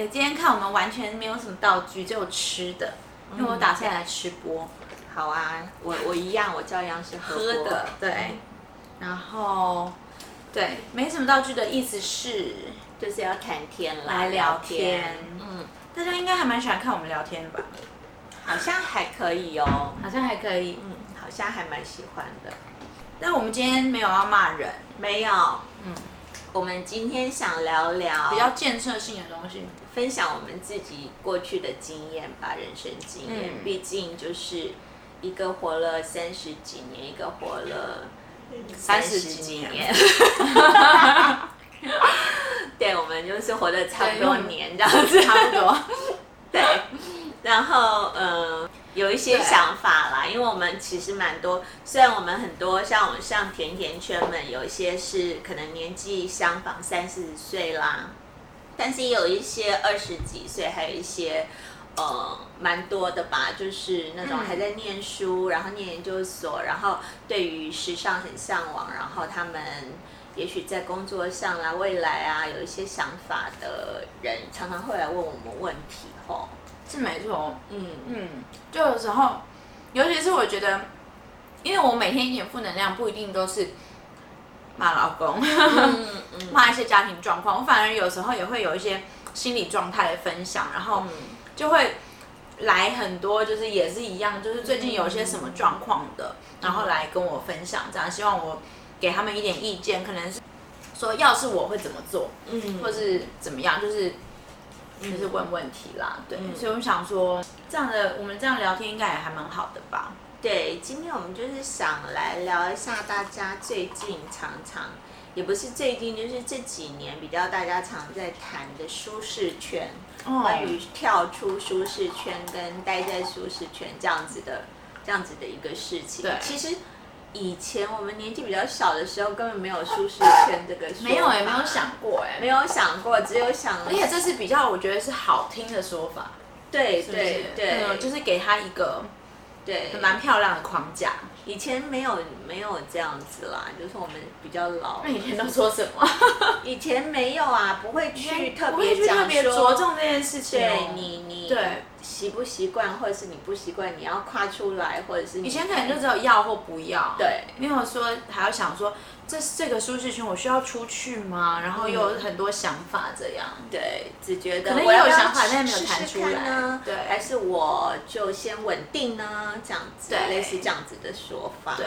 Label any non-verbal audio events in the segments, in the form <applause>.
哎，今天看我們完全沒有什麼道具，只有吃的，因為我打算來吃播。好啊，我我一樣，我照樣是喝，喝的，對。嗯，然後，對，沒什麼道具的意思是就是要談天來聊天。聊天嗯，大家應該還蠻喜歡看我們聊天的吧？好像還可以哦，好像還可以，嗯，好像還蠻喜歡的。但我們今天沒有要罵人，沒有，嗯。我們今天想聊聊比較建設性的東西，分享我們自己過去的經驗吧，人生經驗。畢竟，嗯，就是一個活了三十幾年，一個活了三十幾年，嗯、 <laughs> <laughs> 對，我們就是活了差不多年這樣子，差不多。對，然後嗯。呃有一些想法啦，啊、因為我們其實蠻多，雖然我們很多像我們像甜甜圈們，有一些是可能年紀相仿，三四十歲啦，但是也有一些二十幾歲，還有一些呃蠻多的吧，就是那種還在念書，然後念研究所，嗯、然後對於時尚很向往，然後他們也許在工作上啊、未來啊有一些想法的人，常常會來問我們問題吼。哦是沒錯，嗯嗯，就有時候，尤其是我覺得，因為我每天一點負能量不一定都是罵老公，罵、嗯嗯、一些家庭狀況，我反而有時候也會有一些心理狀態的分享，然後就會來很多，就是也是一樣，就是最近有一些什麼狀況的，嗯、然後來跟我分享，這樣希望我給他們一點意見，可能是說要是我會怎麼做，嗯，或是怎麼樣，就是。就、嗯、是問問題啦，對、嗯，所以我想說，這樣的我們這樣聊天應該也還蠻好的吧？對，今天我們就是想來聊一下大家最近常常，也不是最近，就是這幾年比較大家常在談的舒適圈，嗯、關於跳出舒適圈跟待在舒適圈這樣子的，這樣子的一個事情。對，其實。以前我們年紀比較小的時候，根本沒有舒適圈這個說、沒有、欸，也沒有想過、欸，哎，沒有想過，只有想。而且這是比較，我覺得是好聽的說法。對對對，就是給他一個，對，蠻漂亮的框架。對以前沒有。沒有這樣子啦，就是我們比較老。以前都說什麼？以前沒有啊，不會去特別講着重這件事情。你你對習不習慣，或者是你不習慣，你要跨出來，或者是以前可能就只有要或不要。對，沒有說還要想說，這這個舒適圈我需要出去嗎？然後又有很多想法這樣。對，只覺得可能我有想法，但是沒有談出來。對，還是我就先穩定呢，這樣子類似這樣子的說法。對。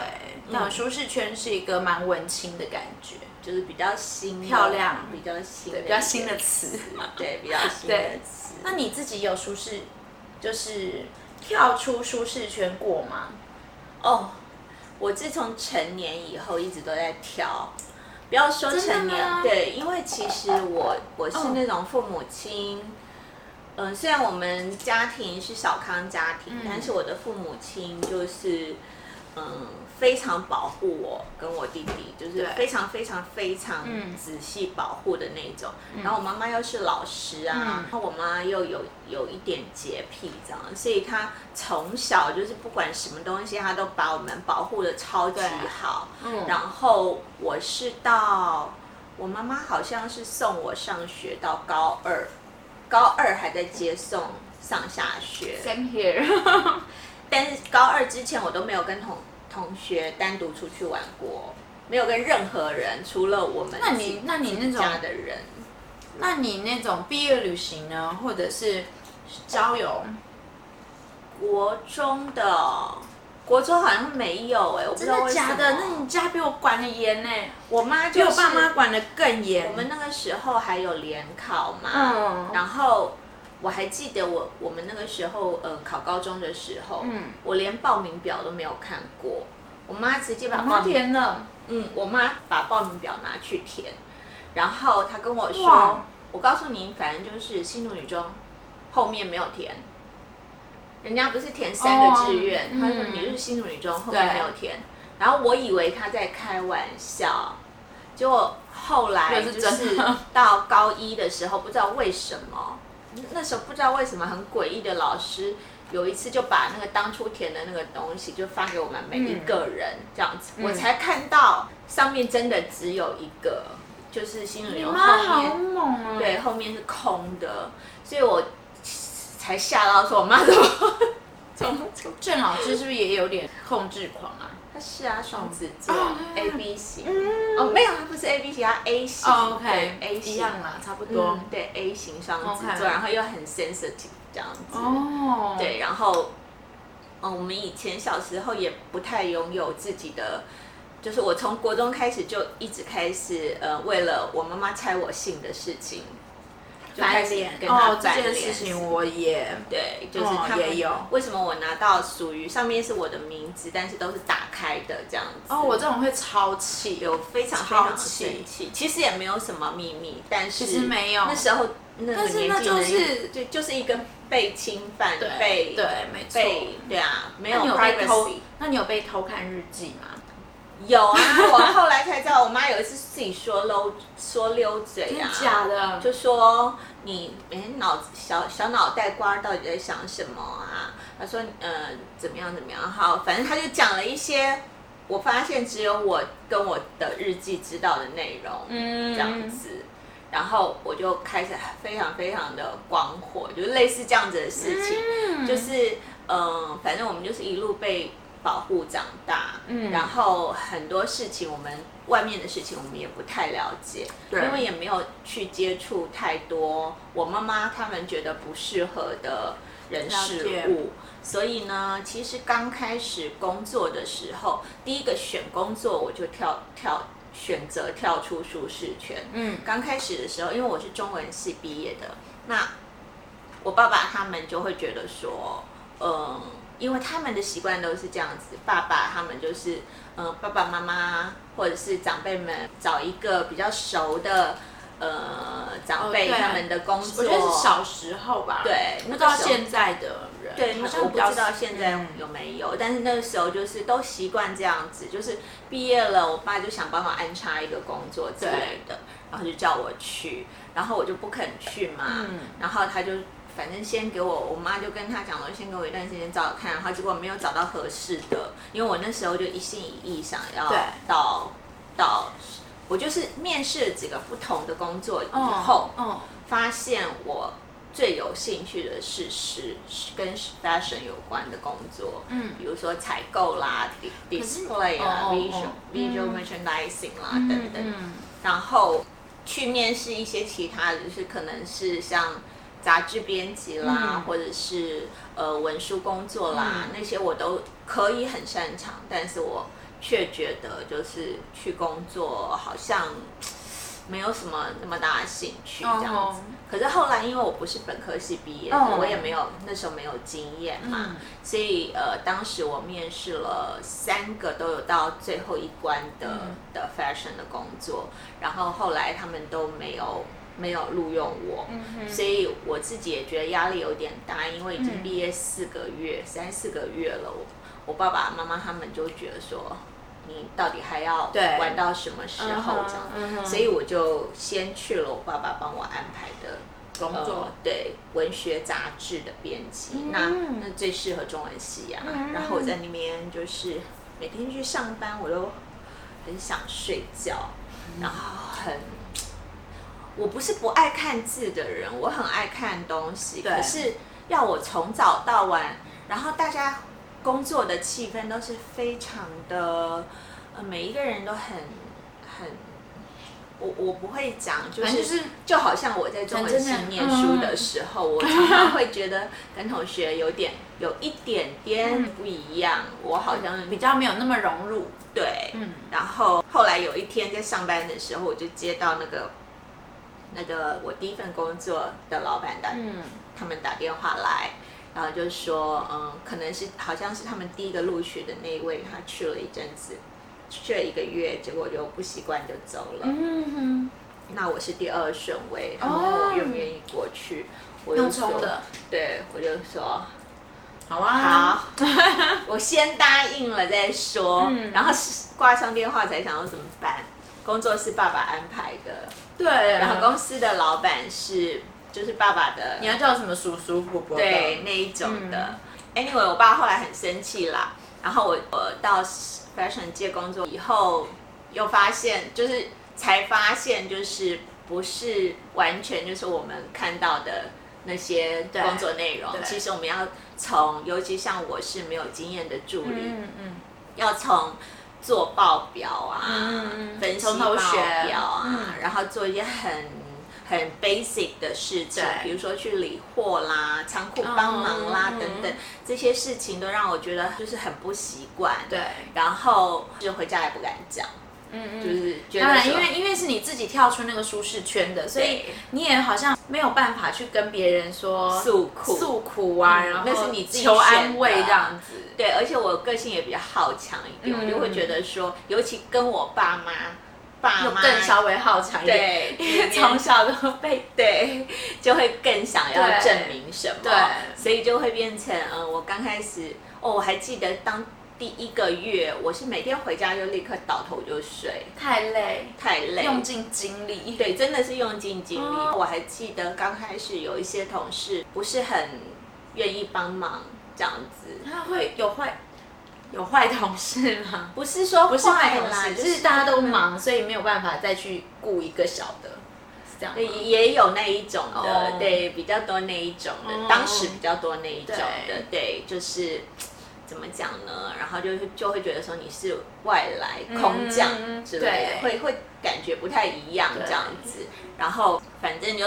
那、嗯、舒適圈是一個蠻文青的感覺，就是比較新、漂亮、比較新、比較新的詞，對，比較新的詞。的詞那你自己有舒適，就是跳出舒適圈過嗎？哦，我自從成年以後一直都在跳，不要說成年，啊、對，因為其實我我是那種父母親，哦、嗯，雖然我們家庭是小康家庭，嗯、但是我的父母親就是。嗯，非常保護我跟我弟弟，就是非常非常非常仔細保護的那種。對然後我媽媽又是老師啊，嗯、然後我媽又有有一點潔癖，這樣，所以她從小就是不管什麼東西，她都把我們保護得超級好。嗯，oh. 然後我是到我媽媽好像是送我上學到高二，高二還在接送上下學。Same here。 <laughs> 但是高二之前，我都沒有跟同同學單獨出去玩過，沒有跟任何人，除了我們。那你那你那家的人，那你那種畢業旅行呢，或者是郊遊？嗯，國中的，國中好像沒有哎、欸，我不知道為什麼。真的假的？那你家比我管得嚴呢？我媽比我爸媽管得更嚴。我們那個時候還有聯考嘛？嗯。然後。我還記得我我們那個時候，呃、嗯，考高中的時候，嗯，我連報名表都沒有看過，我媽直接把報名我媽填了，嗯，我媽把報名表拿去填，然後她跟我說，哇我告訴你，反正就是新竹女中，後面沒有填，人家不是填三個志願，哦、她說，、嗯、她說你就是新竹女中後面沒有填，對然後我以為他在開玩笑，結果後來就是，是到高一的時候，不知道為什麼。那時候不知道為什麼，很詭異的老師，有一次就把那個當初填的那個東西就發給我們每一個人，嗯、這樣子，嗯、我才看到上面真的只有一個，就是心里留後面，喔、對，後面是空的，所以我才嚇到說，我媽怎麼呵呵？鄭老師是不是也有點控制狂啊？是啊，雙子座、嗯、A B 型哦，哦，沒有，不是 A B 型，他、啊、A 型、哦、k、okay, 嗯、A 型啦，差不多，嗯、對，A 型雙子座，Okay. 然後又很 sensitive 這樣子，哦，對，然後，嗯、哦，我們以前小時候也不太擁有自己的，就是我從國中開始就一直開始，呃，為了我媽媽拆我信的事情。開臉哦，這個事情我也對，就是他也有。為什麼我拿到屬於上面是我的名字，但是都是打開的這樣子？哦，我這種會超氣，有非常超氣。其實也沒有什麼秘密，但是其實沒有那時候，但是那就是對，就是一個被侵犯，被對，沒錯，對啊，沒有被偷。那你有被偷看日記嗎？有啊， <laughs> 我後來才知道，我媽有一次自己說漏說溜嘴啊，假的，就說你哎腦子、欸、小小腦袋瓜到底在想什麼啊？她說嗯、呃、怎麼樣怎麼樣？好，反正她就講了一些，我發現只有我跟我的日記知道的內容，嗯，這樣子，嗯、然後我就開始非常非常的光火，就是類似這樣子的事情，嗯、就是嗯、呃，反正我們就是一路被。保護長大，嗯，然後很多事情，我們外面的事情，我們也不太了解，對，因為也沒有去接觸太多。我媽媽他們覺得不適合的人事物，了解。所以呢，其實剛開始工作的時候，第一個選工作，我就跳跳選擇跳出舒適圈，嗯，剛開始的時候，因為我是中文系畢業的，那我爸爸他們就會覺得說，嗯、呃。因為他們的習慣都是這樣子，爸爸他們就是，嗯、呃，爸爸媽媽或者是長輩們找一個比較熟的，呃，長輩他們的工作。Oh, 我覺得是小時候吧。對，不知道現在的人。對，好像我不知道現在有沒有，嗯、但是那個時候就是都習慣這樣子，就是畢業了，我爸就想幫我安插一個工作之類的，對然後就叫我去，然後我就不肯去嘛，嗯、然後他就。反正先給我，我媽就跟他講了，先給我一段時間找找看，然後結果沒有找到合適的，因為我那時候就一心一意想要到對到,到，我就是面試了幾個不同的工作以後，哦哦、發現我最有興趣的是是跟 fashion 有關的工作，嗯，比如說採購啦，display 啦，visual visual merchandising 啦、嗯、等等，嗯、然後去面試一些其他的就是可能是像。雜誌編輯啦，嗯、或者是呃文書工作啦，嗯、那些我都可以很擅長，但是我卻覺得就是去工作好像沒有什麼那麼大興趣這樣子。哦、可是後來因為我不是本科系畢業的，哦、我也沒有那時候沒有經驗嘛，嗯、所以呃當時我面試了三個都有到最後一關的、嗯、的 fashion 的工作，然後後來他們都沒有。沒有錄用我，嗯、哼，所以我自己也覺得壓力有點大，因為已經畢業四個月、三、嗯、四個月了。我我爸爸媽媽他們就覺得說，你到底還要玩到什麼時候這樣？所以我就先去了我爸爸幫我安排的工作、呃，對，文學雜誌的編輯。嗯、那那最適合中文系呀、啊，嗯、然後我在那邊就是每天去上班，我都很想睡覺，嗯、然後很。我不是不愛看字的人，我很愛看東西。對可是要我從早到晚，然後大家工作的氣氛都是非常的，呃，每一個人都很很，我我不會講，就是、啊就是、就好像我在中文系、嗯、念書的時候，嗯、我常常會覺得跟同學有點有一點點不一樣，嗯、我好像比較沒有那麼融入。嗯、對。嗯。然後後來有一天在上班的時候，我就接到那個。那個我第一份工作的老闆的，嗯、他們打電話來，然後就說，嗯，可能是好像是他們第一個錄取的那一位，他去了一陣子，去了一個月，結果我就不習慣就走了。嗯哼。那我是第二順位，然後我願不願意過去，哦、我用衝的。對，我就說，好啊，好， <laughs> 我先答應了再說。嗯。然後掛上電話才想要怎麼辦，工作是爸爸安排的。對，嗯、然後公司的老闆是就是爸爸的，你要叫什麼叔叔伯伯？對，那一種的。嗯、Anyway，我爸後來很生氣啦。然後我我到 fashion 界工作以後，又發現就是才發現就是不是完全就是我們看到的那些工作內容。其實我們要從，尤其像我是沒有經驗的助理，嗯，嗯嗯要從。做報表啊，嗯、分析報表啊，嗯、然後做一些很很 basic 的事情，嗯、比如說去理貨啦、倉庫幫忙啦、嗯、等等，嗯、這些事情都讓我覺得就是很不習慣。嗯、對，然後就回家也不敢講。嗯嗯，就是覺得，當然，因為因為是你自己跳出那個舒適圈的，所以你也好像沒有辦法去跟別人說訴苦訴苦啊，然後那是你自己求安慰這樣子。對，而且我個性也比較好強一點，我就會覺得說，尤其跟我爸媽爸媽更稍微好強一點，因為從小都被對，就會更想要證明什麼，對，所以就會變成嗯，我剛開始哦，我還記得當。第一個月，我是每天回家就立刻倒頭就睡，太累，太累，用盡精力，對，真的是用盡精力。我還記得剛開始有一些同事不是很願意幫忙這樣子，他會有壞有壞同事嗎？不是說不是壞同事，就是大家都忙，所以沒有辦法再去顧一個小的，是這樣。也也有那一種的，對，比較多那一種的，當時比較多那一種的，對，就是。怎麼講呢？然後就就會覺得說你是外來空降之類的，嗯、對。會會感覺不太一樣這樣子。對然後反正就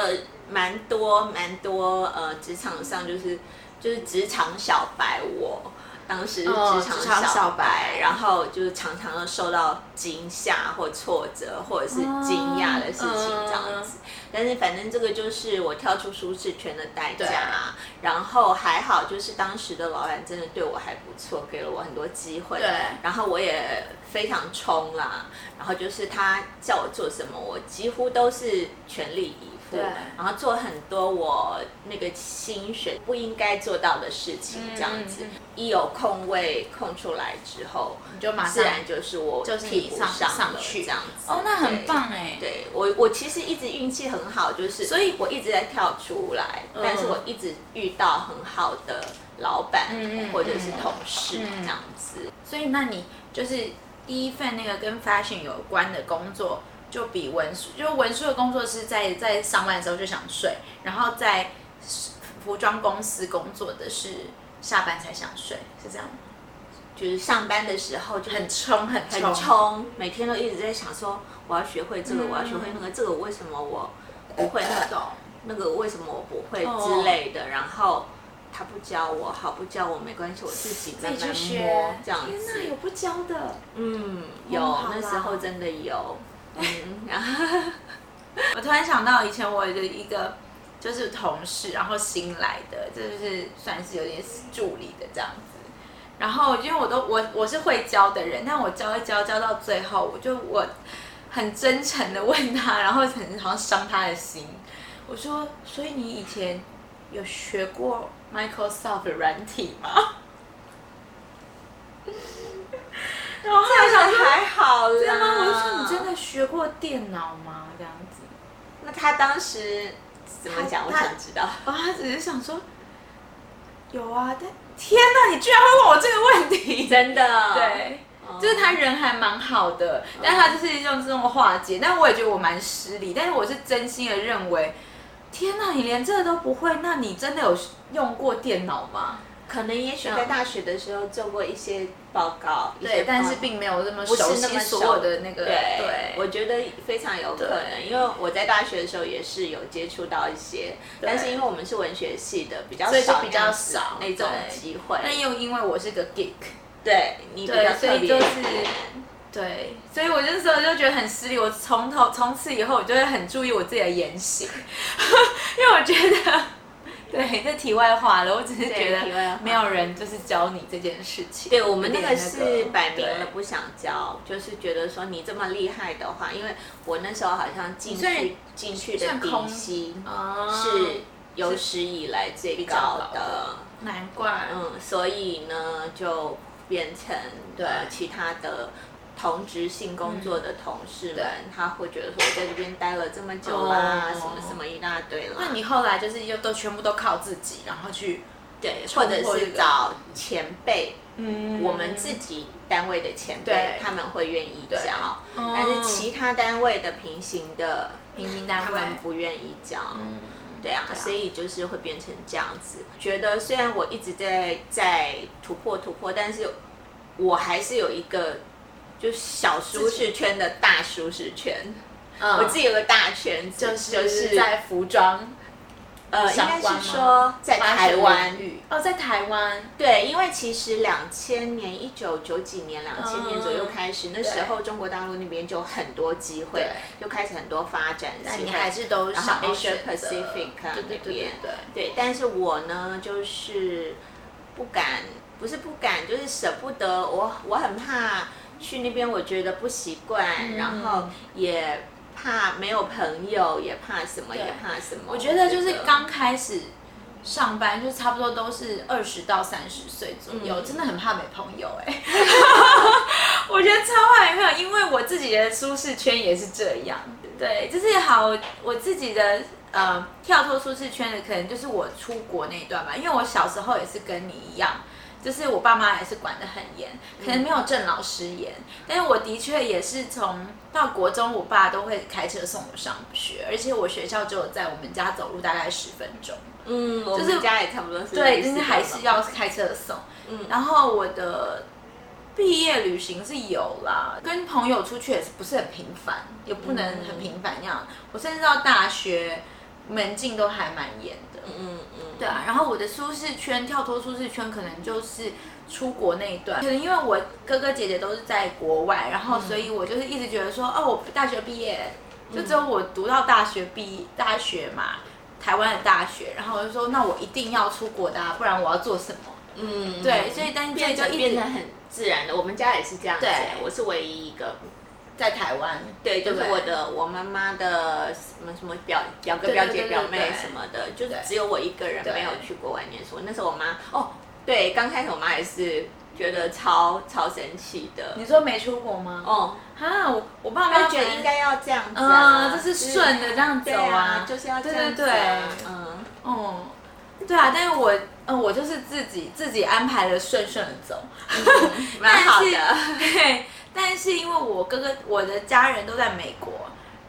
蠻多蠻多呃，職場上就是就是職場小白我，當時職場小白，哦、小白然後就是常常的受到驚嚇或挫折，或者是驚訝的事情、嗯、這樣子。但是反正這個就是我跳出舒適圈的代價、啊。對然後還好，就是當時的老闆真的對我還不錯，給了我很多機會。對然後我也非常衝啦、啊。然後就是他叫我做什麼，我幾乎都是全力以赴。對，然後做很多我那個薪水不應該做到的事情，這樣子。一有空位空出來之後，你就馬上，自然就是我，就是上上去，這樣子。哦，那很棒哎。對，我，我其實一直運氣很好，就是，所以我一直在跳出來，但是我一直遇到很好的老闆或者是同事，這樣子。所以，那你就是第一份那個跟 fashion 有關的工作。就比文書就文書的工作是在在上班的時候就想睡，然後在服裝公司工作的是下班才想睡，是這樣，就是上班的時候就很衝很衝，很衝衝，每天都一直在想說我要學會這個，嗯嗯嗯，我要學會那個，這個為什麼我不會那種，Okay. 那個為什麼我不會之類的，Oh. 然後他不教我，好，不教我沒關係，我自己慢慢學。那、就是、天哪，有不教的？嗯，有，那時候真的有。 <laughs> 嗯，然後我突然想到，以前我的一個就是同事，然後新來的，就是算是有點助理的這樣子。然後因為我都我我是會教的人，但我教一教教到最後，我就我很真誠的問他，然後很好像傷他的心。我說，所以你以前有學過 Microsoft 軟體嗎？ <music> 我還想還好啦，我就說你真的學過電腦嗎？這樣子，那他當時怎麼講？我想知道。啊、哦，他只是想說，有啊。但天哪、啊，你居然會問我這個問題，真的。對，嗯、就是他人還蠻好的，但他就是用這種化解。但我也覺得我蠻失禮，但是我是真心的認為，天哪、啊，你連這個都不會，那你真的有用過電腦嗎？可能也許在大學的時候做過一些報告，對，但是並沒有那麼熟悉所有的那個。對，我覺得非常有可能，因為我在大學的時候也是有接觸到一些，但是因為我們是文學系的，比較少，所以就比較少那種機會。那又因為我是個 geek，對你比較特別，對，所以就是對，所以我那時候就覺得很失禮。我從頭從此以後，我就會很注意我自己的言行，因為我覺得。對，這題外話了。我只是覺得沒有人就是教你這件事情。對，對我們那個是擺明了不想教，對就是覺得說你這麼厲害的話，因為我那時候好像進去以進去的底薪哦是有史以來最高的。的難怪。嗯，所以呢，就變成對，對其他的。同職性工作的同事們、嗯，他會覺得說「我在這邊待了這麼久啦，哦、什麼什麼一大堆了。」那你後來就是又都全部都靠自己，然後去對，或者是找前輩，嗯，我們自己單位的前輩、嗯、他們會願意教，嗯、但是其他單位的平行的平行單位不願意教，嗯、對啊，這樣。所以就是會變成這樣子。覺得雖然我一直在在突破突破，但是我還是有一個。就小舒適圈的大舒適圈，我自己有個大圈子，就是在服裝，呃，應該是說在台灣哦，在台灣。對，因為其實兩千年一九九幾年，兩千年左右開始，那時候中國大陸那邊就很多機會，就開始很多發展。但你還是都是 Asia Pacific 那邊，對對。但是，我呢，就是不敢，不是不敢，就是捨不得。我我很怕。去那邊我覺得不習慣，嗯、然後也怕沒有朋友，嗯、也怕什麼，對也怕什麼。我覺得就是剛開始上班就差不多都是二十到三十歲左右，嗯、真的很怕沒朋友哎、欸。 <laughs> <laughs> 我覺得超怕沒朋友，因為我自己的舒適圈也是這樣。對，就是好，我自己的呃跳脫舒適圈的可能就是我出國那一段吧，因為我小時候也是跟你一樣。就是我爸媽還是管得很嚴，可能沒有鄭老師嚴，嗯、但是我的確也是從到國中，我爸都會開車送我上學，而且我學校只有在我們家走路大概十分鐘。嗯，就是、我家也差不多是十分鐘，就是。對，就是還是要開車送。嗯，然後我的畢業旅行是有啦，跟朋友出去也是不是很頻繁，也不能很頻繁那樣。嗯、我甚至到大學門禁都還蠻嚴的，嗯嗯對啊。然後我的舒適圈，跳脫舒適圈，可能就是出國那一段。可能因為我哥哥姐姐都是在國外，然後所以我就是一直覺得說，嗯、哦，我大學畢業，就只有我讀到大學畢業，大學嘛，台灣的大學。然後我就說，那我一定要出國的、啊，不然我要做什麼？嗯，對，所以但是這就一直變成很自然的。我們家也是這樣子對對，我是唯一一個。在台灣，對，就是我的我媽媽的什麼什麼表表哥表姐表妹什麼的，就只有我一個人沒有去國外念書。那時候我媽哦，對，剛開始我媽也是覺得超超神奇的。你說沒出國嗎？哦，哈，我爸媽覺得應該要這樣子，就是順著這樣走啊，就是要這樣走啊，對對對，嗯，哦，對啊，但是我嗯，我就是自己自己安排的順順的走，蠻好的。但是因為我哥哥、我的家人都在美國，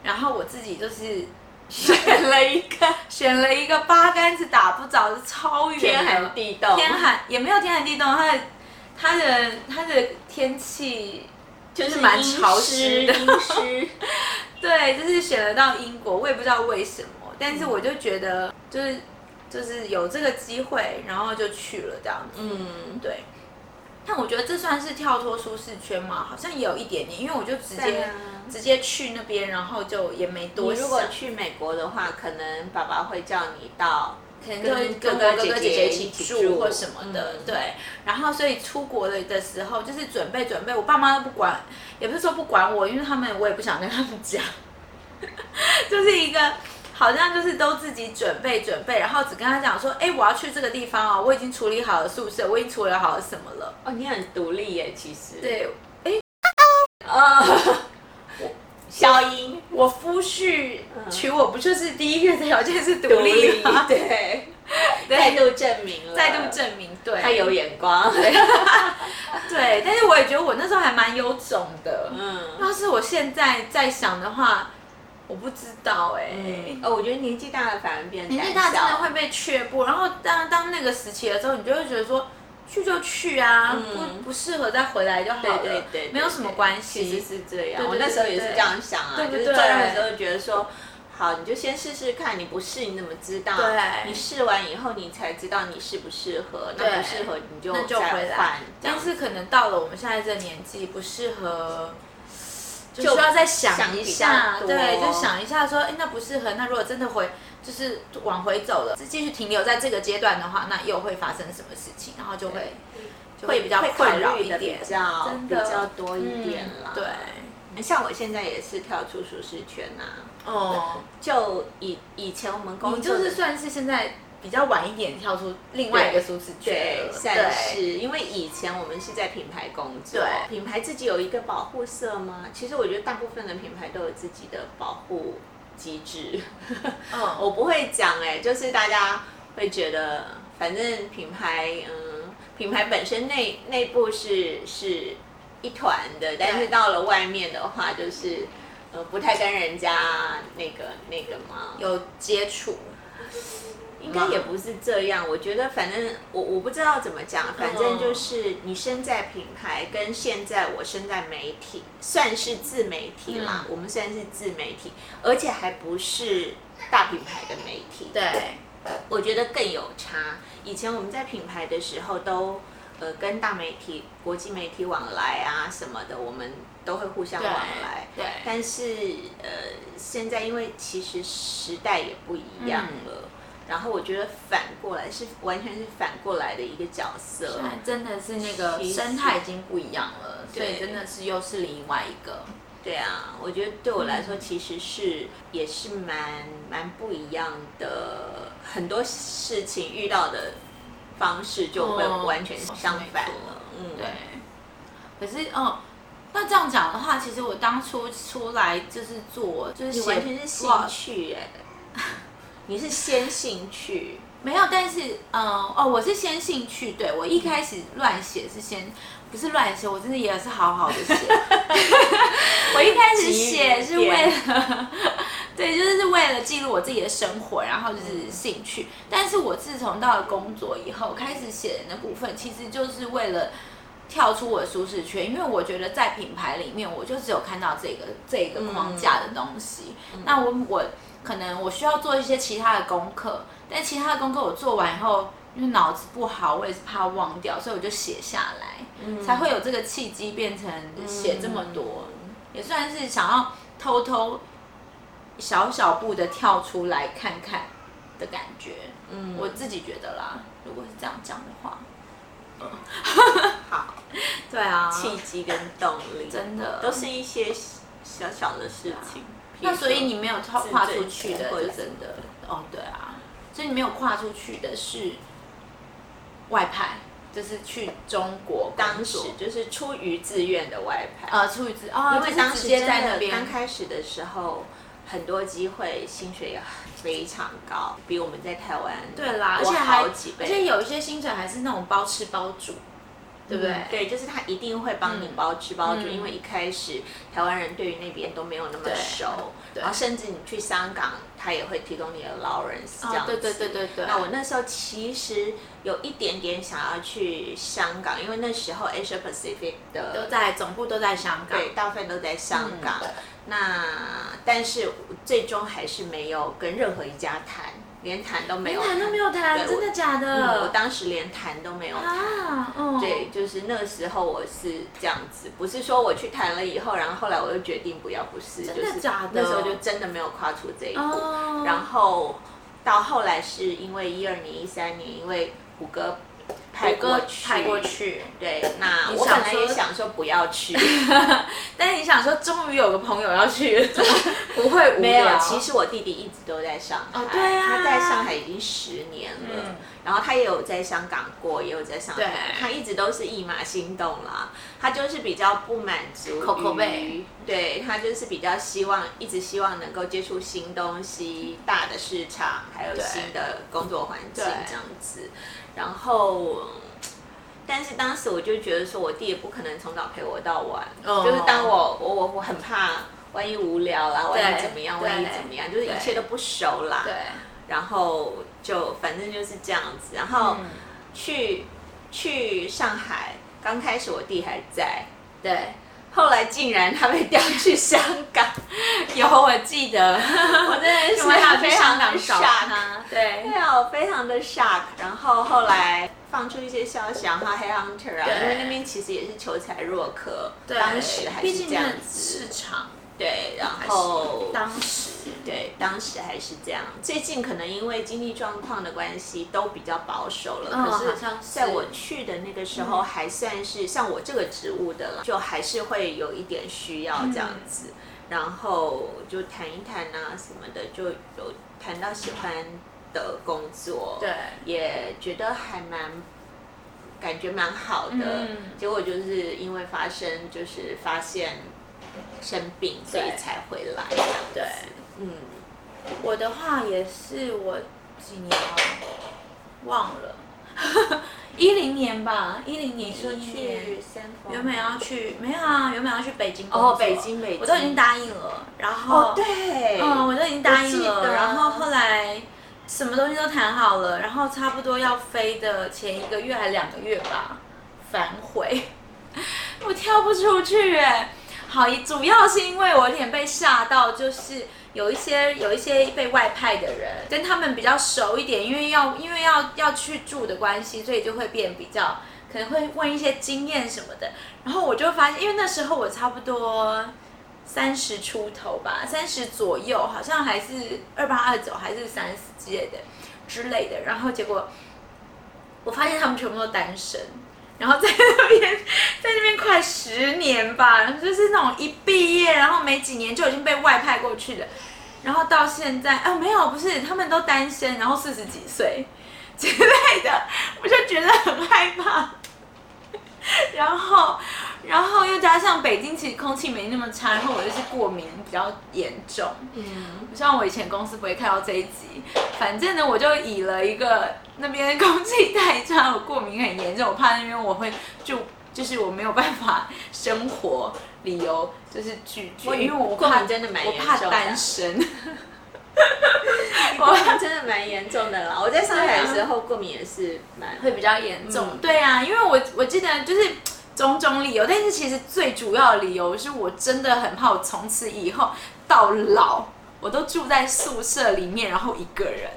然後我自己就是選了一個、選了一個八竿子打不着的超遠的天，天寒地凍，天寒也沒有天寒地凍，他的、他的、他的天氣就是蠻潮濕的、陰虛， <laughs> 對，就是選了到英國，我也不知道為什麼，但是我就覺得就是就是有這個機會，然後就去了這樣子，嗯，對。但我覺得這算是跳脫舒適圈嘛，好像有一點點，因為我就直接、啊、直接去那邊，然後就也沒多。你如果去美國的話，可能爸爸會叫你到跟哥哥姐姐一起住或什麼的，嗯、對。然後所以出國的的時候，就是準備準備，我爸媽都不管，也不是說不管我，因為他們我也不想跟他們講， <laughs> 就是一個。好像就是都自己準備準備，然後只跟他講說：“哎，我要去這個地方哦，我已經處理好了宿舍，我已經處理好了什麼了。”哦，你很獨立耶，其實。對，哎，啊、呃，我消音，消 <noise> 我夫婿、嗯、娶我不就是第一個條件是獨，獨立？對，再 <laughs> 對度證明了，再度證明，對，他有眼光。 <laughs> 對，但是我也覺得我那時候還蠻有種的。嗯，要是我現在在想的話。我不知道哎，呃，我覺得年紀大了反而變年紀大真的會被卻步，然後當當那個時期的時候，你就會覺得說去就去啊，不不適合再回來就好了，對對，沒有什麼關係，其實是這樣。我那時候也是這樣想啊，就是做人的時候覺得說，好，你就先試試看，你不試你怎麼知道？對，你試完以後你才知道你適不適合，那不適合你就再換。但是可能到了我們現在這個年紀不適合，就需要再想一下，一下對，多就想一下說，哎，那不適合。那如果真的回，就是往回走了，繼續停留在這個階段的話，那又會發生什麼事情？然後就會對就會比較困擾一點，比較的比較多一點啦。嗯、對，嗯、像我現在也是跳出舒適圈吶、啊。哦、嗯，就以以前我們公司，你就是算是現在。比較晚一點跳出另外一個舒適圈，對，算是，對，因為以前我們是在品牌工作，對，品牌自己有一個保護色嗎？其實我覺得大部分的品牌都有自己的保護機制。嗯、 <laughs> 我不會講哎、欸，就是大家會覺得，反正品牌，嗯，品牌本身內內部是是一團的，但是到了外面的話，就是、嗯呃，不太跟人家那個那個嘛有接觸。應該也不是這樣，嗯、我覺得反正我我不知道怎麼講，反正就是你身在品牌，跟現在我身在媒體，算是自媒體嘛，嗯、我們雖然是自媒體，而且還不是大品牌的媒體。 <laughs> 對，我覺得更有差。以前我們在品牌的時候都，都呃跟大媒體、國際媒體往來啊什麼的，我們都會互相往來。對。對但是呃，現在因為其實時代也不一樣了。嗯然後我覺得反過來是完全是反過來的一個角色，真的是那個生態已經不一樣了，對，所以真的是又是另外一個。對啊，我覺得對我來說其實是、嗯、也是蠻蠻不一樣的，很多事情遇到的方式就會完全相反了。哦、嗯，對。對可是哦，那這樣講的話，其實我當初出來就是做，就是完全是興趣哎、欸。你是先興趣？沒有，但是，嗯、呃，哦，我是先興趣。對我一開始亂寫是先，嗯、不是亂寫，我真的也是好好的寫。 <laughs> <laughs> 我一開始寫是為了，寫 <laughs> 對，就是為了記錄我自己的生活，然後就是興趣。嗯、但是我自從到了工作以後，開始寫人的部分，其實就是為了跳出我的舒適圈，因為我覺得在品牌裡面，我就只有看到這個這個框架的東西。嗯、那我我。可能我需要做一些其他的功課，但其他的功課我做完以後，因為腦子不好，我也是怕忘掉，所以我就寫下來，嗯、才會有這個契機變成寫這麼多，嗯、也算是想要偷偷小小步的跳出來看看的感覺。嗯，我自己覺得啦，如果是這樣講的話，嗯， <laughs> 好，對啊，契機跟動力真的都是一些小小的事情。那所以你沒有跨、跨出去的，真的哦？對啊，所以你沒有跨出去的是外派，就是去中國，當時主就是出於自願的外派啊？出於自願，因為當時在那邊剛開始的時候，很多機會，薪水也非常高，比我們在台灣對啦，而且好幾倍，而且有一些薪水還是那種包吃包住。對不對、嗯？對，就是他一定會幫你包吃、嗯、包住，因為一開始台灣人對於那邊都沒有那麼熟，對對然後甚至你去香港，他也會提供你的 allowance 這樣子。對,對對對對對。那我那時候其實有一點點想要去香港，因為那時候 Asia Pacific 的都在對總部都在香港，對，大部分都在香港。嗯、那但是最終還是沒有跟任何一家談。連談都沒有，談都沒有談，對真的假的？我，嗯、我當時連談都沒有談。啊、對，嗯、就是那個時候我是這樣子，不是說我去談了以後，然後後來我又決定不要，不是，就是假的？那時候就真的沒有跨出這一步。哦、然後到後來是因為一二年、一三年，因為胡歌，排過去，排過去，對。那我本來也想說不要去，但是你想說終於有個朋友要去， <laughs> 不會沒有。其實我弟弟一直都在上海，哦啊、他在上海已經十年了，嗯、然後他也有在香港過，也有在上海，對他一直都是一馬心動啦，他就是比較不滿足 c 對他就是比較希望，一直希望能夠接觸新東西，大的市場，還有新的工作環境這樣子。然後，但是當時我就覺得說，我弟也不可能從早陪我到晚，哦、就是當我我我我很怕，萬一無聊啦，萬一對怎麼樣，對萬一怎麼樣，就是一切都不熟啦。對，對，然後就反正就是這樣子，然後去、嗯、去上海，剛開始我弟還在，對。後來竟然他被調去香港，有我記得， <laughs> 我真的是非常非常難，對，對啊，我非常的 shock，啊。對哦、的 shock，然後後來放出一些消息、啊，然後 headhunter 啊，因為那邊其實也是求才若渴，對當時還是這樣子市場，對，然後當時。對，當時還是這樣。最近可能因為經濟狀況的關係，都比較保守了。嗯，好像是。可是在我去的那個時候，還算是像我這個職務的了，就還是會有一點需要這樣子。嗯、然後就談一談啊什麼的，就有談到喜歡的工作。對、嗯。也覺得還蠻，感覺蠻好的。嗯、結果就是因為發生就是發現生病，所以才回來這樣子。對。嗯，我的話也是我幾年啊，忘了，一零、嗯、 <laughs> 年吧，一零年說去，原本要去，嗯、沒有啊，原本要去北京，哦，北京，北京。我都已經答應了，然後，哦、對，嗯，我都已經答應了，啊、然後後來什麼東西都談好了，然後差不多要飛的前一個月還兩個月吧，反悔， <laughs> 我跳不出去哎，好，主要是因為我臉被嚇到，就是。有一些有一些被外派的人，跟他們比較熟一點，因為要因為要要去住的關係，所以就會變比較，可能會問一些經驗什麼的。然後我就發現，因為那時候我差不多三十出頭吧，三十左右，好像還是二八二九還是三十之類的之類的。然後結果，我發現他們全部都單身。然後在那邊，在那邊快十年吧，就是那種一畢業，然後沒幾年就已經被外派過去了，然後到現在啊，沒有，不是，他們都單身，然後四十幾歲之類的，我就覺得很害怕，然後。然後又加上北京其實空氣沒那麼差，然後我就是過敏比較嚴重。嗯，我希望我以前公司不會看到這一集。反正呢，我就以了一個那邊的空氣太差，我過敏很嚴重，我怕那邊我會就就是我沒有辦法生活，理由就是拒絕。我因為我過敏真的蠻嚴重的。我怕單身。我 <laughs> 過敏真的蠻嚴重的啦。我在上海的時候過敏也是蠻會比較嚴重，嗯。對啊，因為我我記得就是。種種理由，但是其實最主要的理由是我真的很怕，我從此以後到老，我都住在宿舍裡面，然後一個人。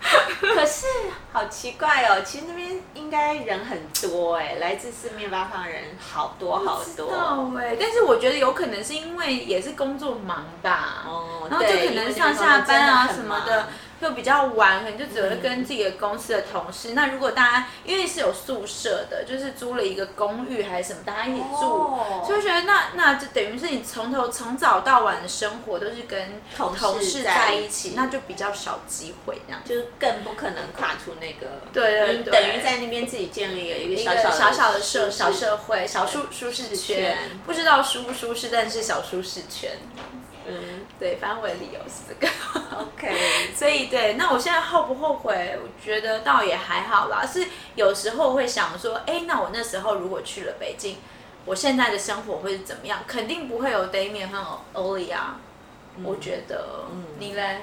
<laughs> 可是好奇怪哦，其實那邊應該人很多哎、欸，來自四面八方的人好多好多、欸、但是我覺得有可能是因為也是工作忙吧，哦、然後就可能上下班啊什麼的。就比較玩，可能就只會跟自己的公司的同事。嗯、那如果大家因為是有宿舍的，就是租了一個公寓還是什麼，大家一起住，就、哦、覺得那那就等於是你從頭從早到晚的生活都是跟同事在，同事在一起，那就比較少機會，這樣就是更不可能跨出那個。對對對。等於在那邊自己建立了一，對一個小小個小小的社適小社會對小舒舒適圈，圈不知道舒不舒適，但是小舒適圈。嗯，對，範圍裡有四個 <laughs> ，OK。所以對，那我現在後不後悔？我覺得倒也還好啦，是有時候會想說，哎、欸，那我那時候如果去了北京，我現在的生活會是怎麼樣？肯定不會有 Damien 和 Olya 啊。嗯、我覺得。嗯、你嘞？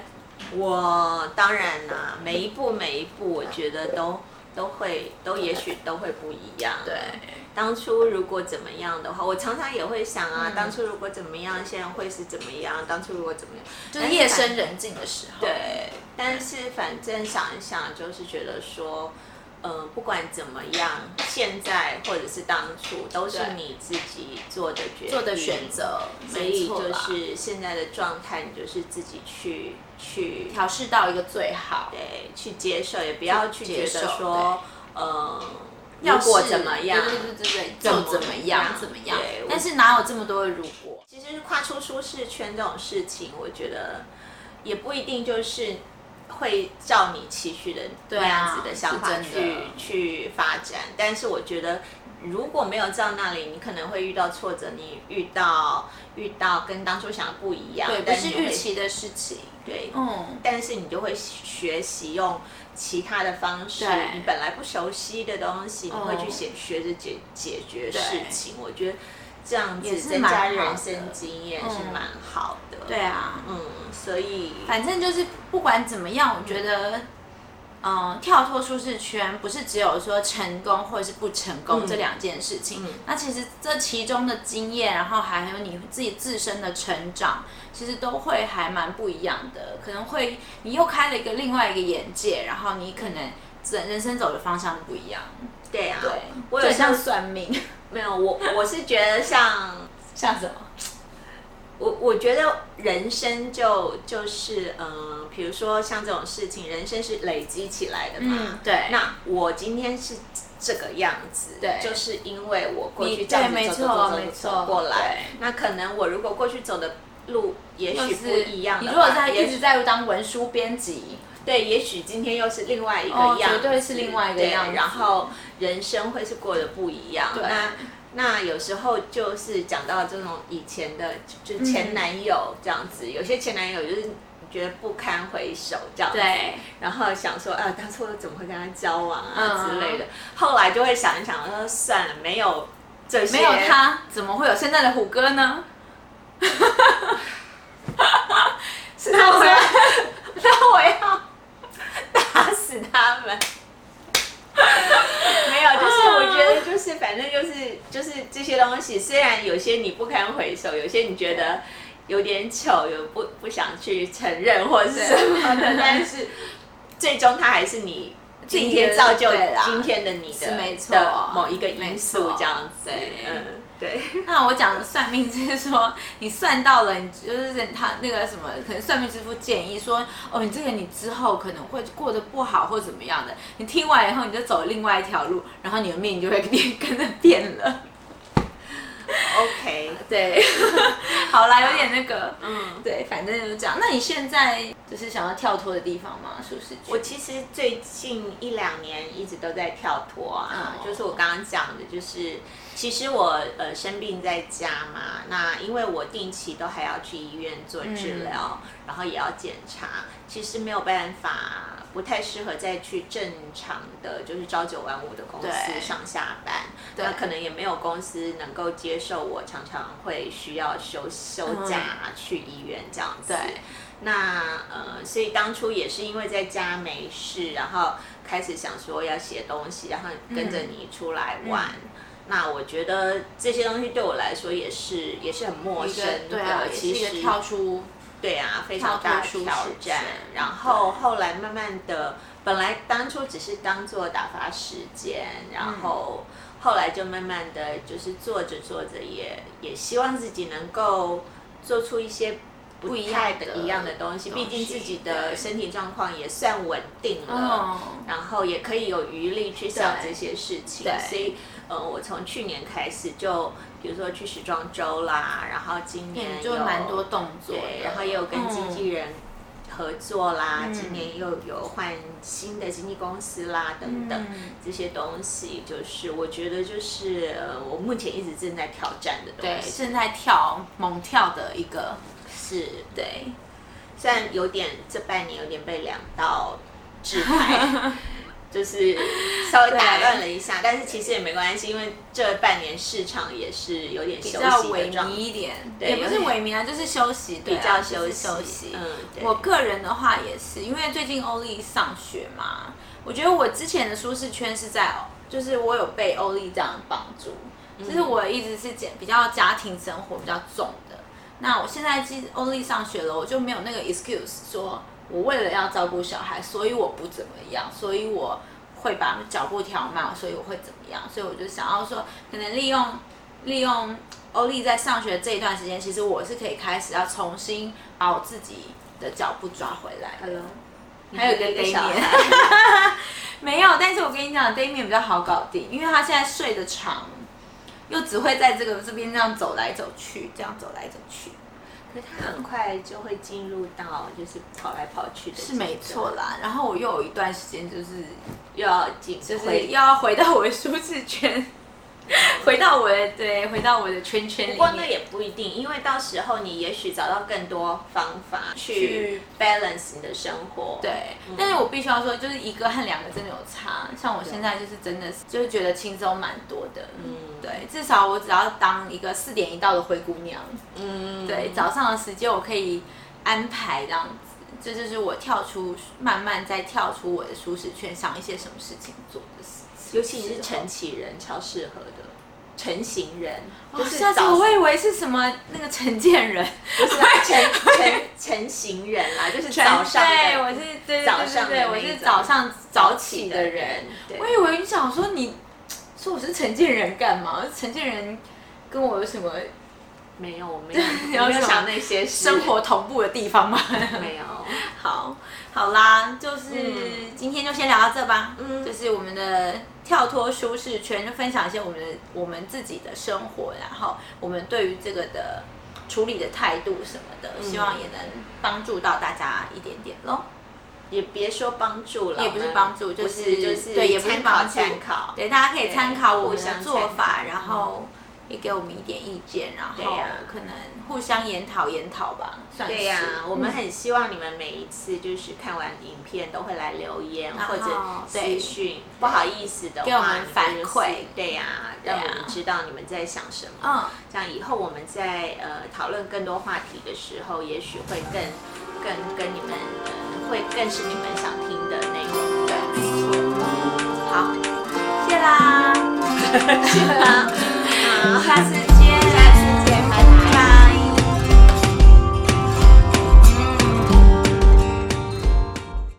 我當然啦、啊，每一步每一步，我覺得都。都會，都也許都會不一樣。對，當初如果怎麼樣的話，我常常也會想啊，嗯、當初如果怎麼樣，現在會是怎麼樣？當初如果怎麼樣，就是夜深人靜的時候。對，對，但是反正想一想，就是覺得說。呃，不管怎麼樣，現在或者是當初都是你自己做的決定，對做的選擇，沒 所以就是現在的狀態，你就是自己去去調試到一個最好，對，去接受，也不要去覺得說，呃，要過怎麼樣，對對對，對對對，就怎麼樣怎，麼怎麼樣。對怎麼但是哪有這麼多的如果？我其實是跨出舒適圈這種事情，我覺得也不一定就是。會照你期許的那樣子的想法去、啊、去發展，但是我覺得如果沒有到那裡，你可能會遇到挫折，你遇到遇到跟當初想的不一樣，對，但是預期的事情，對，嗯，但是你就會學習用其他的方式，對你本來不熟悉的東西，嗯、你會去先學着解解決事情，對我覺得。這樣子增加人生經驗是蠻好的。嗯、好的對啊，嗯，所以反正就是不管怎麼樣，我覺得，嗯嗯、跳脫舒適圈不是只有說成功或者是不成功這兩件事情。嗯嗯、那其實這其中的經驗，然後還有你自己自身的成長，其實都會還蠻不一樣的。可能會你又開了一個另外一個眼界，然後你可能人人生走的方向不一樣。對啊，對我有像，很像算命。 <laughs> 沒有，我我是覺得像像什麼？我我覺得人生就就是嗯，比、呃、比如說像這種事情，人生是累積起來的嘛。嗯、對，那我今天是這個樣子，對，就是因為我過去這樣子對走走過來。對那可能我如果過去走的路，也許不一樣的話。你如果在也也一直在當文書編輯。對，也許今天又是另外一個樣子，哦，絕對是另外一個樣。然後人生會是過得不一樣。對那那有時候就是講到這種以前的，就前男友這樣子，嗯、有些前男友就是覺得不堪回首這樣子。對。然後想說，啊，當初怎麼會跟他交往啊之類的。嗯、後來就會想一想說，我說算了，沒有這些，沒有他怎麼會有現在的虎哥呢？哈哈哈，哈哈 <laughs> 是他回來那我要。 <laughs> 是他們， <laughs> 沒有，就是我覺得，就是反正就是就是這些東西，雖然有些你不堪回首，有些你覺得有點醜，有不不想去承認或是什麼的、嗯，但是 <laughs> 最終他還是你今天造就今天的你的是沒錯、哦，某一個因素，這樣子，嗯。對， <laughs> 那我講的算命，就是說你算到了，你就是他那個什麼，可能算命師傅建議說，哦，你這個你之後可能會過得不好或怎麼樣的，你聽完以後你就走另外一條路，然後你的命就會變，跟着變了。OK、嗯、對，好啦，有點那個，嗯，對，反正就這樣。那你現在就是想要跳脫的地方嗎？是不是？我其實最近一兩年一直都在跳脫啊，嗯、就是我剛剛講的，就是其實我呃生病在家嘛，那因為我定期都還要去醫院做治療，嗯、然後也要檢查，其實沒有辦法。不太適合再去正常的，就是朝九晚五的公司上下班，那可能也沒有公司能夠接受我常常會需要休休假、嗯、去醫院這樣子。對那呃，所以當初也是因為在家沒事，然後開始想說要寫東西，然後跟着你出來玩。嗯、那我覺得這些東西對我來說也是也是很陌生的，其實、對啊、也是一個跳出。對啊，非常大挑戰。然後後來慢慢的，對本來當初只是當做打發時間，然後後來就慢慢的就是做着做着也、嗯、也希望自己能夠做出一些不一樣的一樣的東西。東西畢竟自己的身體狀況也算穩定了，嗯、然後也可以有餘力去想這些事情，所以。呃我從去年開始就，比如說去時裝周啦，然後今年有，就蠻多動作，然後也有跟經紀人合作啦，嗯、今年又有換新的經紀公司啦，等等，嗯、這些東西就是我覺得就是我目前一直正在挑戰的東西，正在跳，猛跳的一個，是，對，雖然有點這半年有點被兩道制裁。 <laughs> 就是稍微打亂了一下，對但是其實也沒關係，對因為這半年市場也是有點小比較萎靡一點，對也不是萎靡啊，點就是休息，比較休息對休息。嗯，我個人的話也是，因為最近歐麗上學嘛，我覺得我之前的舒適圈是在、哦，就是我有被歐麗這樣幫助，嗯、就是我一直是講比較家庭生活比較重的，嗯、那我現在其實歐麗上學了，我就沒有那個 excuse 說。我為了要照顧小孩，所以我不怎麼樣，所以我會把腳步調慢，所以我會怎麼樣？所以我就想要說，可能利用利用歐麗在上學的這一段時間，其實我是可以開始要重新把我自己的腳步抓回來。Hello，還有一個 Damien 沒有，但是我跟你講，Damien 比較好搞定，因為他現在睡得長，又只會在這個這邊這樣走來走去，這樣走來走去。可他很快就會進入到，就是跑來跑去的。是沒錯啦，然後我又有一段時間，就是又要進，就是回又要回到我的舒適圈。 <laughs> 回到我的對，回到我的圈圈裡面。不過那也不一定，因為到時候你也許找到更多方法去 balance 你的生活。對，嗯、但是我必須要說，就是一個和兩個真的有差。嗯、像我現在就是真的，對就是覺得輕鬆蠻多的。嗯，對，至少我只要當一個四點一到的灰姑娘。嗯，對，早上的時間我可以安排這樣子，這就，就是我跳出慢慢再跳出我的舒適圈，想一些什麼事情做的事。尤其你是晨起人種超適合的，晨型人。上次我以為是什麼那個陳建仁，不是晨晨晨型人啦，就是早上。對，我 <laughs> 是早上，對，對,對,對，我是早上早起的人。的我以為你想說你，說我是陳建仁幹嘛？陳建仁跟我有什麼？沒有，我沒有，沒有想那些生活同步的地方嗎？沒有。好，好啦，就是今天就先聊到這吧。嗯。就是我們的跳脫舒適圈分享一些我們我們自己的生活，然後我們對於這個的處理的態度什麼的，希望也能幫助到大家一點點咯。也別說幫助了，也不是幫助，就是就是對，也不是參考，對，大家可以參考我們的做法，然後。也給我們一點意見，然後可能互相研討研討吧，對呀、啊，是我們很希望你們每一次就是看完影片，都會來留言後或者資訊，是不好意思的話給我們反饋，就是、對呀、啊，對啊、讓我們知道你們在想什麼？嗯、啊，這樣以後我們在呃討論更多話題的時候，也許會更更跟你們、嗯、會更是你們想聽的內容。嗯、好，謝啦， <laughs> 謝啦。還是。